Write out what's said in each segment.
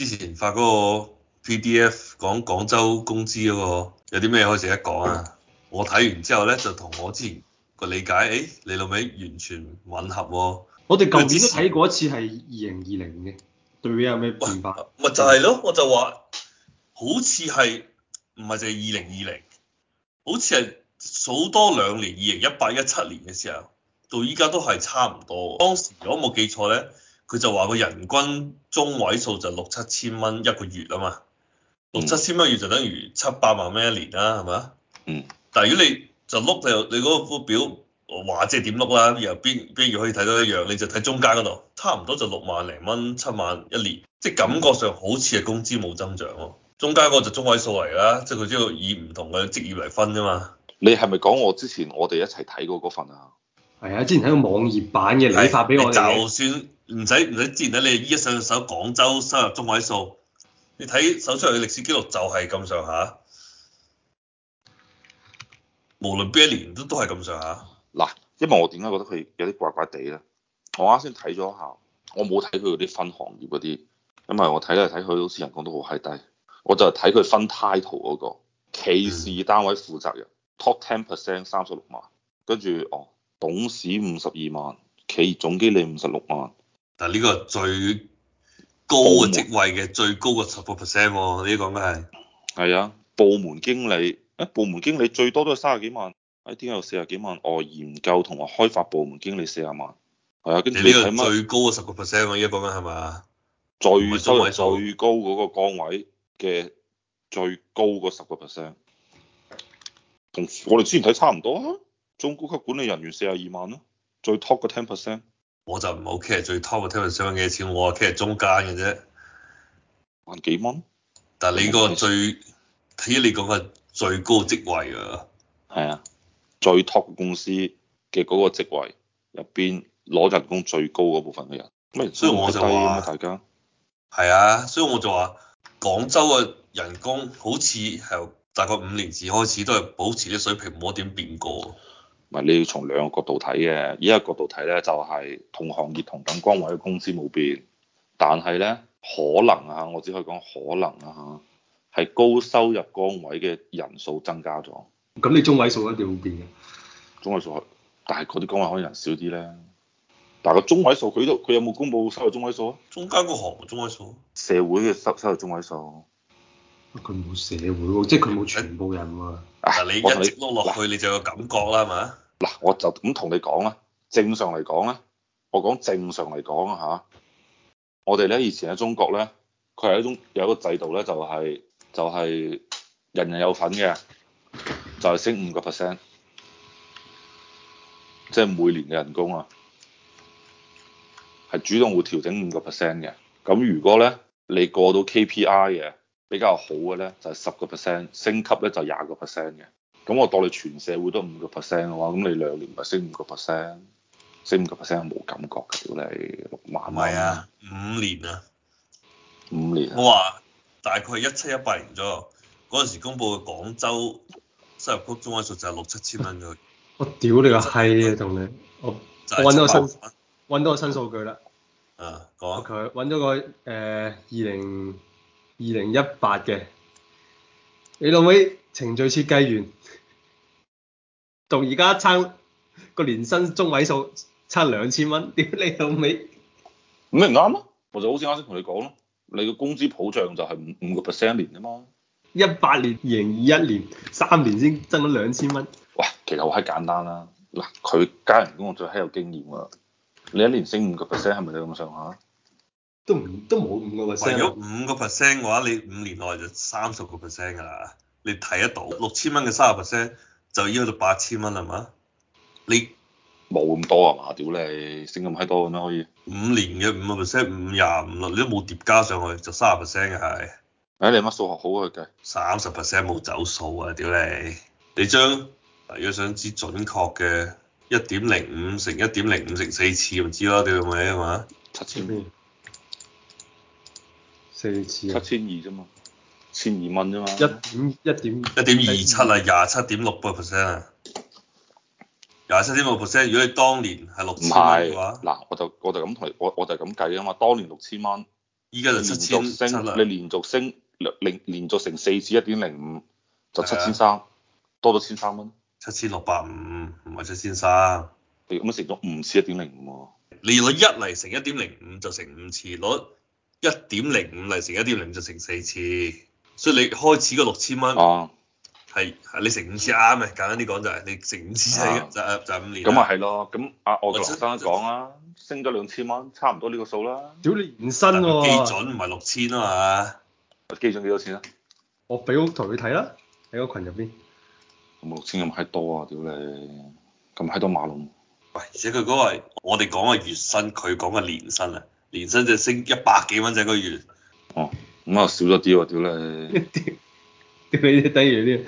之前發嗰個 PDF 講廣州工資嗰、那個有啲咩可以值得講啊？我睇完之後咧就同我之前個理解，誒、哎、你老味完全吻合喎、哦。我哋舊年都睇過一次，係二零二零嘅對比有咩變化？咪就係、是、咯，我就話好似係唔係淨係二零二零？好似係數多兩年，二零一八、一七年嘅時候到依家都係差唔多。當時如果冇記錯咧。佢就話個人均中位數就六七千蚊一個月啊嘛，六七千蚊月就等於七八萬蚊一年啦、啊，係咪？嗯。但係如果你就碌你你嗰個表，話，即係點碌啦？然後邊邊邊可以睇到一樣，你就睇中間嗰度，差唔多就六萬零蚊、七萬一年，即係感覺上好似係工資冇增長喎、啊。中間嗰個就中位數嚟啦，即係佢都要以唔同嘅職業嚟分㗎嘛。你係咪講我之前我哋一齊睇過嗰份啊？係啊！之前喺個網頁版嘅你發俾我就算唔使唔使，之前睇你依一上手,手廣州收入中位數，你睇首出嚟嘅歷史記錄就係咁上下，無論邊、啊、一年都都係咁上下。嗱，因為我點解覺得佢有啲怪怪地咧？我啱先睇咗下，我冇睇佢嗰啲分行業嗰啲，因為我睇嚟睇去好似人工都好係低。我就睇佢分 title 嗰、那個企事單位負責人、嗯、top ten percent 三十六萬，跟住哦。董事五十二萬，企業總經理五十六萬。嗱，呢個最高嘅職位嘅門最高嘅十個 percent 喎，呢個咩係？係啊，部門經理，誒、欸，部門經理最多都係卅幾萬，誒、欸，點解有四十幾萬？哦，研究同埋開發部門經理四十萬，係啊，跟住你呢個最高嘅十個 percent 喎，呢最個咩係嘛？最高最高嗰個崗位嘅最高嗰十個 percent，同我哋之前睇差唔多啊。中高級管理人員四十二萬咯，最 top 個 ten percent，我就唔好 care 最 top 嘅 ten percent 揾幾多錢，我啊 care 中間嘅啫，萬幾蚊。但係你個最睇你講嘅最高職位啊，係啊，最 top 公司嘅嗰個職位入邊攞人工最高嗰部分嘅人，咩所以我就話大家係啊，所以我就話廣州嘅人工好似係由大概五年至開始都係保持啲水平，冇點變過。唔係你要從兩個角度睇嘅，依家個角度睇咧就係、是、同行業同等崗位嘅工資冇變，但係咧可能嚇，我只可以講可能啊嚇，係高收入崗位嘅人數增加咗。咁你中位數一定會變嘅。中位數，但係嗰啲崗位可能人少啲咧。但係個中位數佢都佢有冇公布收入中位數啊？中間個行業中位數，社會嘅收收入中位數。佢冇社會喎，即係佢冇全部人喎、啊啊。你一直碌落去，啊、你就有感覺啦，係嘛？嗱，我就咁同你講啦。正常嚟講咧，我講正常嚟講嚇，我哋咧以前喺中國咧，佢係一種有一個制度咧，就係就係人人有份嘅，就係升五個 percent，即係每年嘅人工啊，係主動會調整五個 percent 嘅。咁如果咧你過到 KPI 嘅比較好嘅咧，就係十個 percent，升級咧就廿個 percent 嘅。咁我當你全社會都五個 percent 嘅話，咁你兩年咪升五個 percent？升五個 percent 冇感覺嘅，屌你六萬。唔係啊，五年啊，五年。我話大概一七一八年左右，嗰陣時公佈嘅廣州收入曲中位數就係六七千蚊嘅。 我屌你個閪啊！同你，就 7, 8, 8我我揾、啊 okay，到個新揾到數據啦。啊，講佢揾咗個誒二零二零一八嘅，你老味程序設計員。同而家差個年薪中位數差兩千蚊，屌你老味，咁咪啱咯，我就好似啱先同你講咯，你嘅工資普漲就係五五個 percent 一年啊嘛。一八年、二零二一年三年先增咗兩千蚊。哇，其實我閪簡單啦，嗱，佢加人工我最閪有經驗啊！你一年升五個 percent 係咪咁上下？都唔都冇五個 percent。升咗五個 percent 嘅話，你五年內就三十個 percent 㗎啦，你睇得到六千蚊嘅三十 percent。就依家就八千蚊係嘛？你冇咁多啊嘛？屌你升咁閪多咁樣可以？五年嘅五個 percent，五廿五咯，25，你都冇疊加上去就三十 percent 嘅係。哎，你乜數學好啊計？三十 percent 冇走數啊！屌你，你將如果想知準確嘅一點零五乘一點零五乘四次咪知咯，屌你係嘛？七千二，四次、啊。七千二啫嘛。千二蚊啫嘛，一點一點一點二七啊，廿七點六個 percent 啊，廿七點六 percent。如果你當年係六千嘅話，嗱，我就我就咁同你，我我就咁計啊嘛。當年六千蚊，依家就七千七。你連續升，你連，連續升零連續成四次一點零五，就七千三，多咗千三蚊。七千六百五唔係七千三，你咁樣乘咗五次一點零五喎。利率一嚟乘一點零五就乘五次，攞一點零五嚟乘一點零就乘四次，所以你開始個六千蚊，係係、啊、你成五次啱嘅，簡單啲講就係、是、你成五次就就五年。咁咪係咯，咁啊我我啱啱講啊，升咗兩千蚊，差唔多呢個數啦。屌你年薪喎、啊，基準唔係六千啊嘛，基準幾多錢啊？我俾到佢睇啦，喺個群入邊。咁六千咁閪多啊！屌你，咁閪多馬龍。喂，而且佢嗰個，我哋講嘅月薪，佢講嘅年薪啊，年薪就升一百幾蚊就一個月。哦、嗯。咁啊少咗啲喎，屌你！屌你，等於啲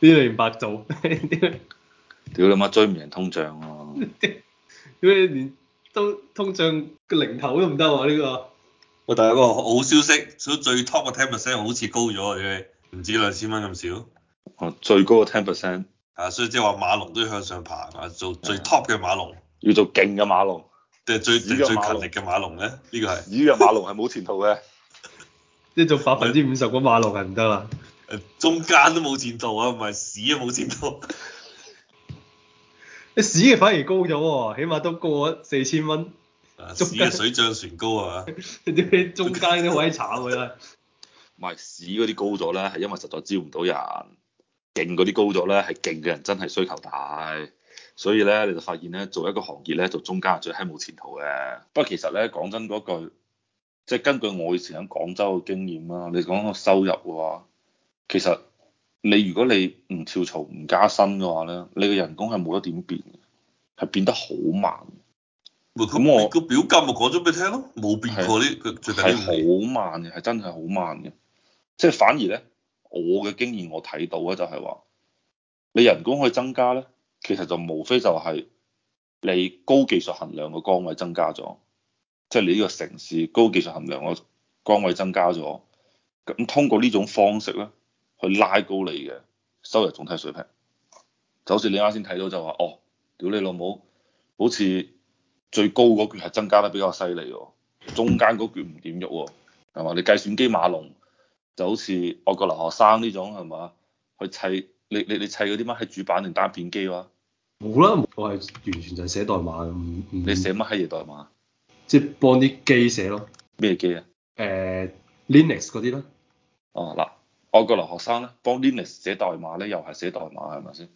啲連白做，屌你媽追唔贏通脹喎！屌你連都通脹個零頭都唔得喎呢個。畀大家一個好消息，所以最 top 嘅 ten percent 好似高咗嘅，唔止兩千蚊咁少。哦，最高嘅 ten percent。啊，所以即係話馬龍都要向上爬、啊，做最 top 嘅馬龍，要做勁嘅馬龍。定係最最勤力嘅馬龍咧？呢個係。依個馬龍係冇前途嘅。即做百分之五十個馬路係唔得啦，中間都冇前途啊，唔係屎都冇前途。啲屎嘅反而高咗喎，起碼都高咗四千蚊。啊，屎嘅水漲船高啊嘛！啲 中間啲位慘啊，真係。唔係屎嗰啲高咗咧，係因為實在招唔到人；勁嗰啲高咗咧，係勁嘅人真係需求大，所以咧你就發現咧做一個行業咧做中間最係冇前途嘅。不過其實咧講真嗰句。即係根據我以前喺廣州嘅經驗啦，你講個收入嘅話，其實你如果你唔跳槽唔加薪嘅話咧，你嘅人工係冇得點變，係變得好慢。咁我個表格咪講咗俾你聽咯，冇變過呢佢係最近好慢嘅，係真係好慢嘅。即係反而咧，我嘅經驗我睇到咧，就係話你人工可以增加咧，其實就無非就係你高技術含量嘅崗位增加咗。即係你呢個城市高技術含量嘅崗位增加咗，咁通過呢種方式咧，去拉高你嘅收入總體水平。就好似你啱先睇到就話，哦，屌你老母，好似最高嗰橛係增加得比較犀利喎，中間嗰橛唔點喐喎，係嘛？你計算機碼農就好似外國留學生呢種係嘛？去砌你你你砌嗰啲乜喺主板定單片機喎，冇啦，我係完全就係寫代碼嘅，嗯，你寫乜閪嘢代碼？即係幫啲機寫咯，咩機啊？誒，Linux 嗰啲啦。哦嗱，外國留學生咧，幫 Linux 寫代碼咧，又係寫代碼係咪先？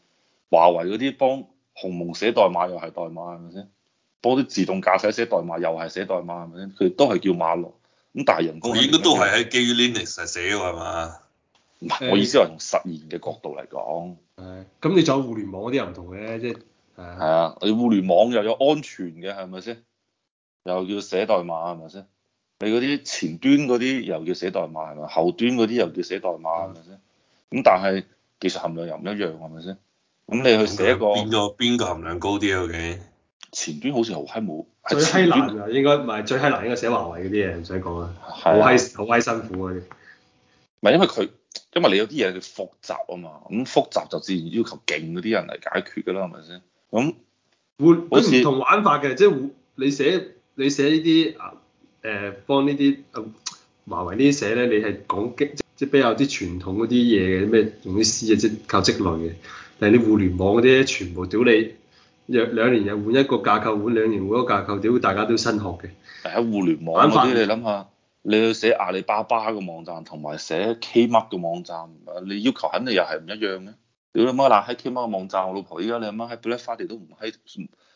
華為嗰啲幫鴻蒙寫代碼又係代碼係咪先？幫啲自動駕駛寫代碼又係寫代碼係咪先？佢都係叫碼農。咁但係人工，我應該都係喺基於 Linux 嚟寫㗎係嘛？唔係，我意思係用實驗嘅角度嚟講。誒，咁你就互聯網嗰啲又唔同嘅，即係係啊，你互聯網又有安全嘅係咪先？irm 又要寫代碼係咪先？你嗰啲前端嗰啲又要寫代碼係咪？後端嗰啲又要寫代碼係咪先？咁但係技術含量又唔一樣係咪先？咁你去寫個變咗邊個含量高啲啊？前端好似好閪冇，最閪難應該唔係最閪難應該寫華為嗰啲嘢唔使講呀，好閪好閪辛苦嗰啲。唔係因為佢，因為你有啲嘢係複雜啊嘛，咁複雜就自然要求勁嗰啲人嚟解決㗎啦，係咪先？咁會好似唔同玩法嘅，即係你寫。你寫呢啲、呃、啊，誒幫呢啲啊華為呢啲寫咧，你係講即即比較啲傳統嗰啲嘢嘅，咩用啲詩啊，即靠積累嘅。但係你互聯網嗰啲全部屌你，若兩年又換一個架構，換兩年換一個架構，屌大家都新學嘅。互聯網嗰啲反你諗下，你要寫阿里巴巴個網站同埋寫 Kmart 嘅網站，你要求肯定又係唔一樣嘅。屌你媽！我喺 Kmart 嘅網站，我老婆依家你媽喺布萊花地都唔喺，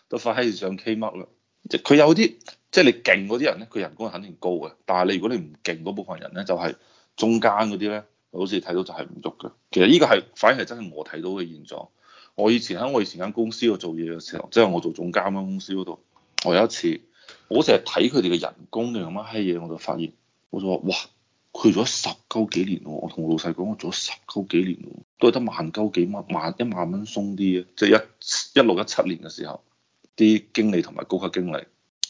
都快喺住上 Kmart 啦。即佢有啲，即係你勁嗰啲人咧，佢人工係肯定高嘅。但係你如果你唔勁嗰部分人咧，就係中間嗰啲咧，好似睇到就係唔足嘅。其實呢個係，反而係真係我睇到嘅現狀。我以前喺我以前間公司度做嘢嘅時候，即係我做總監嗰間公司嗰度，我有一次，我成日睇佢哋嘅人工定咁閪嘢，我就發現，我就話：哇，佢做咗十鳩幾年喎！我同老細講，我做咗十鳩幾年喎，都係得萬鳩幾蚊萬一萬蚊鬆啲啊。即係一一六一七年嘅時候，啲經理同埋高級經理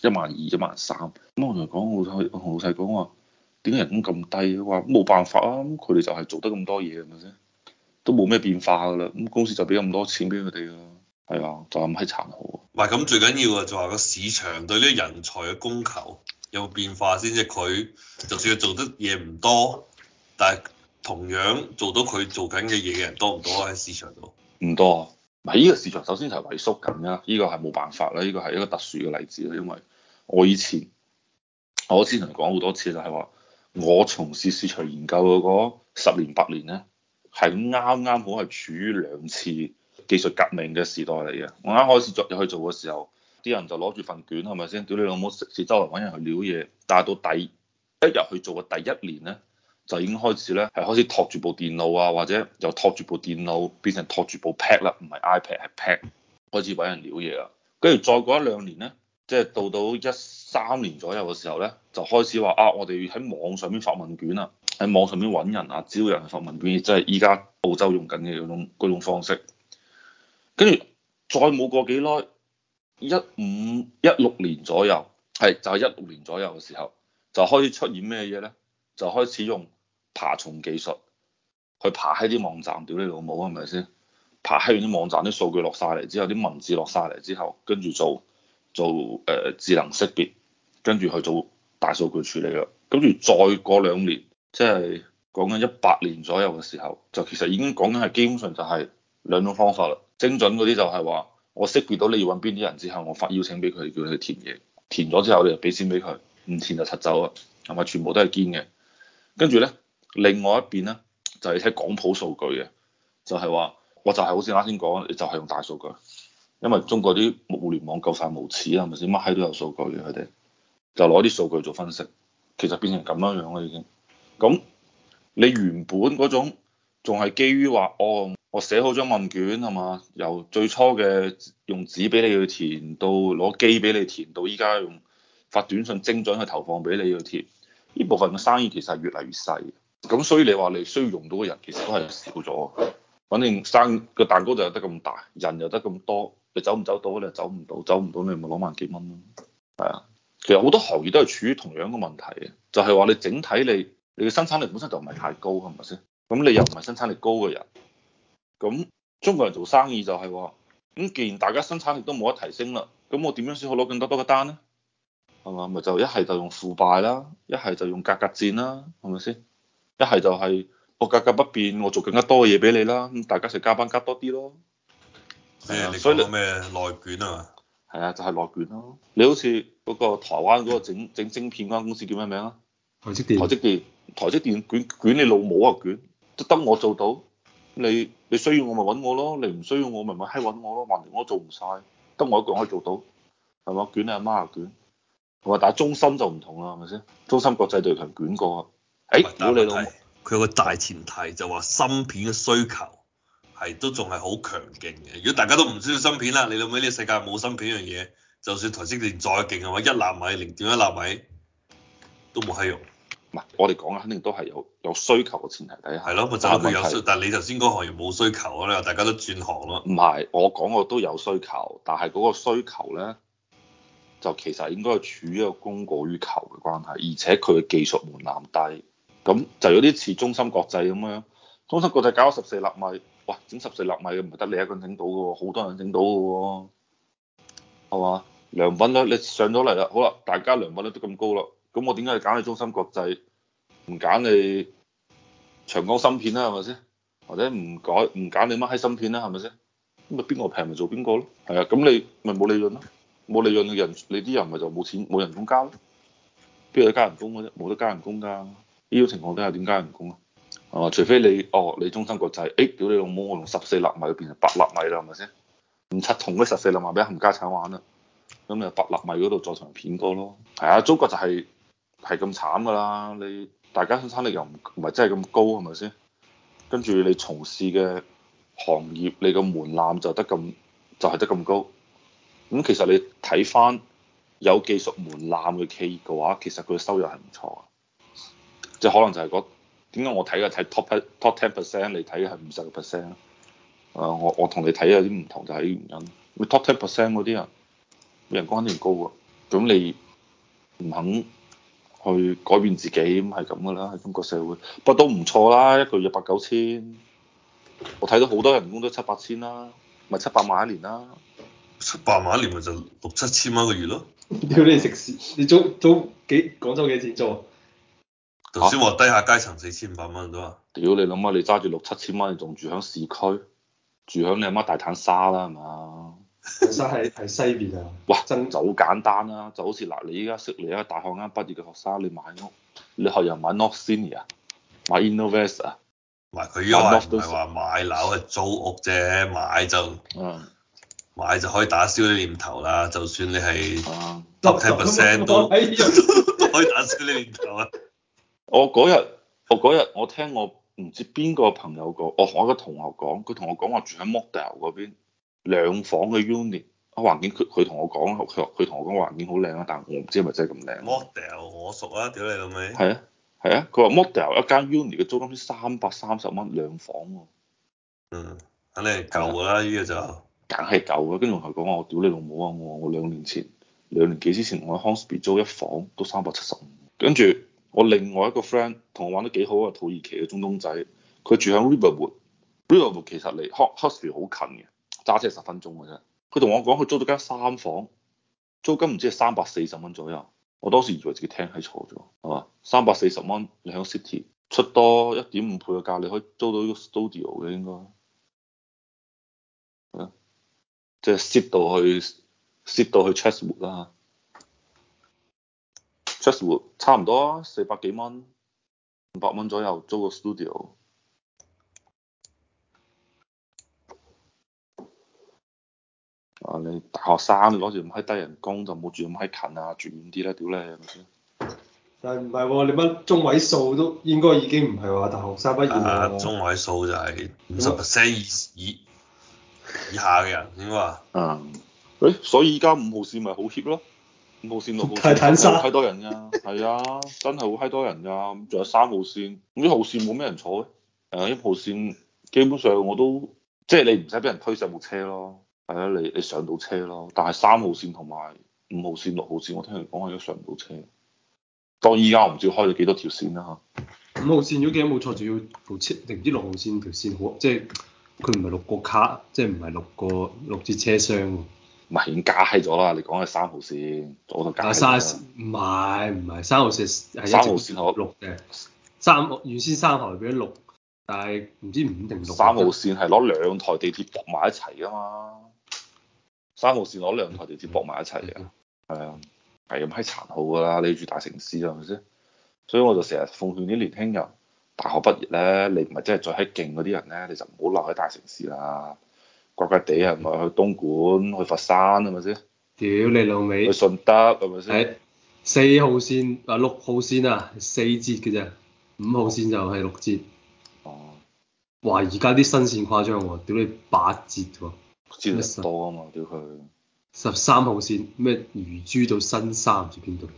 一萬二、一萬三，咁我同佢講，我同老細我同老細講話，點解人工咁低？佢話冇辦法啊，佢哋就係做得咁多嘢，係咪先？都冇咩變化㗎啦，咁公司就俾咁多錢俾佢哋㗎，係啊，就係咁閪殘酷啊。唔係咁，最緊要嘅就係個市場對呢人才嘅供求有冇變化先？至佢就算佢做得嘢唔多，但係同樣做到佢做緊嘅嘢嘅人多唔多喺市場度？唔多。喺呢個市場，首先係萎縮緊噶，呢個係冇辦法啦，呢個係一個特殊嘅例子啦。因為我以前我先同你講好多次啦，係話我從事市場研究嗰十年八年呢，係啱啱好係處於兩次技術革命嘅時代嚟嘅。我啱開始入入去做嘅時候，啲人就攞住份卷，係咪先？屌你老母，食屎周圍搵人去撩嘢。但係到第一日去做嘅第一年呢。就已經開始咧，係開始托住部電腦啊，或者由托住部電腦變成托住部 pad 啦，唔係 iPad 係 pad，開始揾人料嘢啊。跟住再過一兩年咧，即係到到一三年左右嘅時候咧，就開始話啊，我哋喺網上面發問卷啊，喺網上面揾人啊，只要有人去發問卷，即係依家澳洲用緊嘅嗰種方式。跟住再冇過幾耐，一五一六年左右，係就係一六年左右嘅時候，就開始出現咩嘢咧？就開始用爬蟲技術去爬喺啲網站，屌你老母係咪先？爬喺啲網站啲數據落晒嚟之後，啲文字落晒嚟之後，跟住做做誒、呃、智能識別，跟住去做大數據處理咯。跟住再過兩年，即係講緊一百年左右嘅時候，就其實已經講緊係基本上就係兩種方法啦。精準嗰啲就係話我識別到你要揾邊啲人之後，我發邀請俾佢叫佢去填嘢，填咗之後你就俾錢俾佢，唔填就柒走啊，係咪全部都係堅嘅？跟住咧。另外一邊咧，就係睇廣普數據嘅，就係話，我就係好似啱先講，你就係用大數據，因為中國啲互聯網夠晒，無恥啦，係咪先？乜閪都有數據，佢哋就攞啲數據做分析，其實變成咁樣樣啦已經。咁你原本嗰種仲係基於話，哦，我寫好張問卷係嘛，由最初嘅用紙俾你去填，到攞機俾你填，到依家用發短信精準去投放俾你去填，呢部分嘅生意其實係越嚟越細。咁所以你話你需要用到嘅人其實都係少咗，反正生個蛋糕就有得咁大，人又得咁多，你走唔走到？你走唔到，走唔到你咪攞萬幾蚊咯。係啊，其實好多行業都係處於同樣嘅問題，就係話你整體你你嘅生產力本身就唔係太高，係咪先？咁你又唔係生產力高嘅人，咁中國人做生意就係話，咁既然大家生產力都冇得提升啦，咁我點樣先可攞更多多嘅單呢？係嘛，咪就一係就用腐敗啦，一係就用價格戰啦，係咪先？一係就係我價格，格不變，我做更加多嘅嘢俾你啦，咁大家就加班加多啲咯。嗯、所以你講咩內卷啊嘛？係啊，就係、係、內卷咯。你好似嗰個台灣嗰個整整晶片嗰間公司叫咩名啊？台積電。台積電，台積電卷卷你老母啊卷！得得我做到，你你需要我咪揾我咯，你唔需要我咪咪閪揾我咯，橫掂我做唔晒，得我一個人可以做到，係嘛？卷你阿媽啊卷！但係中心就唔同啦，係咪先？中心國際隊長卷，卷過。誒，但你老母，佢、哎、個大前提就話芯片嘅需求係都仲係好強勁嘅。如果大家都唔需要芯片啦，你老味呢個世界冇芯片呢樣嘢，就算台積電再勁係嘛，一納米零點一納米都冇閪用。唔係我哋講嘅肯定都係有有需求嘅前提底下。係咯的，咪就佢有，的有，有需。但係你頭先講行業冇需求啊，你話大家都轉行咯。唔係，我講我都有需求，但係嗰個需求咧就其實應該係處於一個供過於求嘅關係，而且佢嘅技術門檻低。咁就有啲似中芯國際咁樣，中芯國際搞咗十四納米，哇，整十四納米嘅唔係得你一個人整到嘅喎，好多人整到嘅喎，係嘛？良品率你上咗嚟啦，好啦，大家良品率都咁高啦，咁我點解要揀你中芯國際，唔揀你長江芯片啦，係咪先？或者唔改唔揀你乜閪芯片啦，係咪先？咁咪邊個平咪做邊個咯？係啊，咁你咪冇利潤咯，冇利潤嘅人，你啲人咪就冇錢冇人工交咯，邊度有加人工嘅啫？冇得加人工㗎。呢種情況底下點加人工啊？係嘛？除非你哦，你中芯國際，哎、欸，屌你老母，我用十四納米變成八納米啦，係咪先？唔七同嗰十四納米俾冚家鏟玩啦，咁你八納米嗰度再從片過咯。係啊，中國就係係咁慘噶啦，你大家生產力又唔唔係真係咁高，係咪先？跟住你從事嘅行業，你個門檻就得咁就係、是、得咁高。咁其實你睇翻有技術門檻嘅企業嘅話，其實佢收入係唔錯嘅。即係可能就係嗰點解我睇嘅睇 top top ten percent，你睇嘅係五十個 percent 啊，我我同你睇有啲唔同就係原因。top ten percent 嗰啲人人工肯定高啊。咁你唔肯去改變自己咁係咁噶啦，喺、就是、中國社會。不過都唔錯啦，一個月八九千。我睇到好多人工都七八千啦、啊，咪七百萬一年啦、啊。七百萬一年咪就六七千蚊一個月咯。屌你食屎！你租租幾廣州幾錢租啊？頭先話低下階層四千八蚊到啊，屌你諗下、啊，你揸住六七千蚊，你仲住響市區，住響你阿媽大坦沙啦，係嘛？ 沙喺喺西邊啊，哇，真就好簡單啦、啊，就好似嗱，你依家識你一個大學啱畢業嘅學生，你買屋，你學人買 Nokia，買 Invesor，買佢依係唔係話買樓，係租屋啫，買就，嗯，買就可以打消啲念頭啦，就算你係十 percent 都都可以打消啲念頭啊。我嗰日，我嗰日我聽我唔知邊個朋友講，我同一個同學講，佢同我講話住喺 Model 嗰邊兩房嘅 unit 啊環境佢佢同我講，佢話佢同我講環境好靚 啊，但係我唔知係咪真係咁靚。Model 我熟啊，屌你老味。係啊係啊，佢話 Model 一間 unit 嘅租金先三百三十蚊兩房喎。嗯，肯定舊噶啦呢個就是，梗係舊嘅。跟住佢講話，我屌你老母啊！我我兩年前兩年幾之前我喺 Hornsby 租一房都三百七十五，跟住。我另外一個 friend 同我玩得幾好啊，土耳其嘅中東仔，佢住喺 Riverwood，Riverwood 其實離 Huxley 好近嘅，揸車十分鐘嘅啫。佢同我講佢租到間三房，租金唔知係三百四十蚊左右。我當時以為自己聽係錯咗，係嘛？三百四十蚊你喺 City 出多一點五倍嘅價，你可以租到一個 studio 嘅應該，即係 sit 到去 sit 到去 Chatswood 啦。差唔多四百幾蚊，五百蚊左右租個 studio。啊，你大學生，你嗰時唔係低人工，就冇住咁閪近啊，住遠啲啦、啊，屌你、嗯、但係唔係喎，你乜中位數都應該已經唔係話大學生畢、啊啊、中位數就係五十 percent 以下嘅人應該話。嗯。誒、嗯，所以而家五號線咪好 h e a 咯？五號線六號線，太多人㗎、啊，係 啊，真係好閪多人㗎、啊。仲有三號線，咁一號線冇咩人坐嘅，誒一號線基本上我都，即係你唔使俾人推上部車咯，係啦、啊，你你上到車咯。但係三號線同埋五號線六號線，我聽人講係都上唔到車。當依家我唔知開咗幾多條線啦、啊、嚇。五號線如果記得冇錯，就要部車定唔知六號線條線好，即係佢唔係六個卡，即係唔係六個六節車廂。唔係已經加咗啦？你講嘅三號線，我都加閪咗，唔係，唔係三號線，係三號線落六嘅。三號原先三台變咗六，但係唔知五定六。三號線係攞兩台地鐵駁埋一齊㗎嘛？三號線攞兩台地鐵駁埋一齊嘅，係啊、嗯，係咁閪殘酷㗎啦！你住大城市係咪先？所以我就成日奉勸啲年輕人，大學畢業咧，你唔係真係最閪勁嗰啲人咧，你就唔好留喺大城市啦。怪怪地係咪？去東莞、去佛山係咪先？屌你老味美！去順德係咪先？四號線啊，六號線啊，四折嘅啫。五號線就係六折。哦、啊。哇！而家啲新線誇張喎、啊，屌你八折喎、啊。知道。多啊嘛，屌佢。十三號線咩？魚珠到新沙唔知邊度。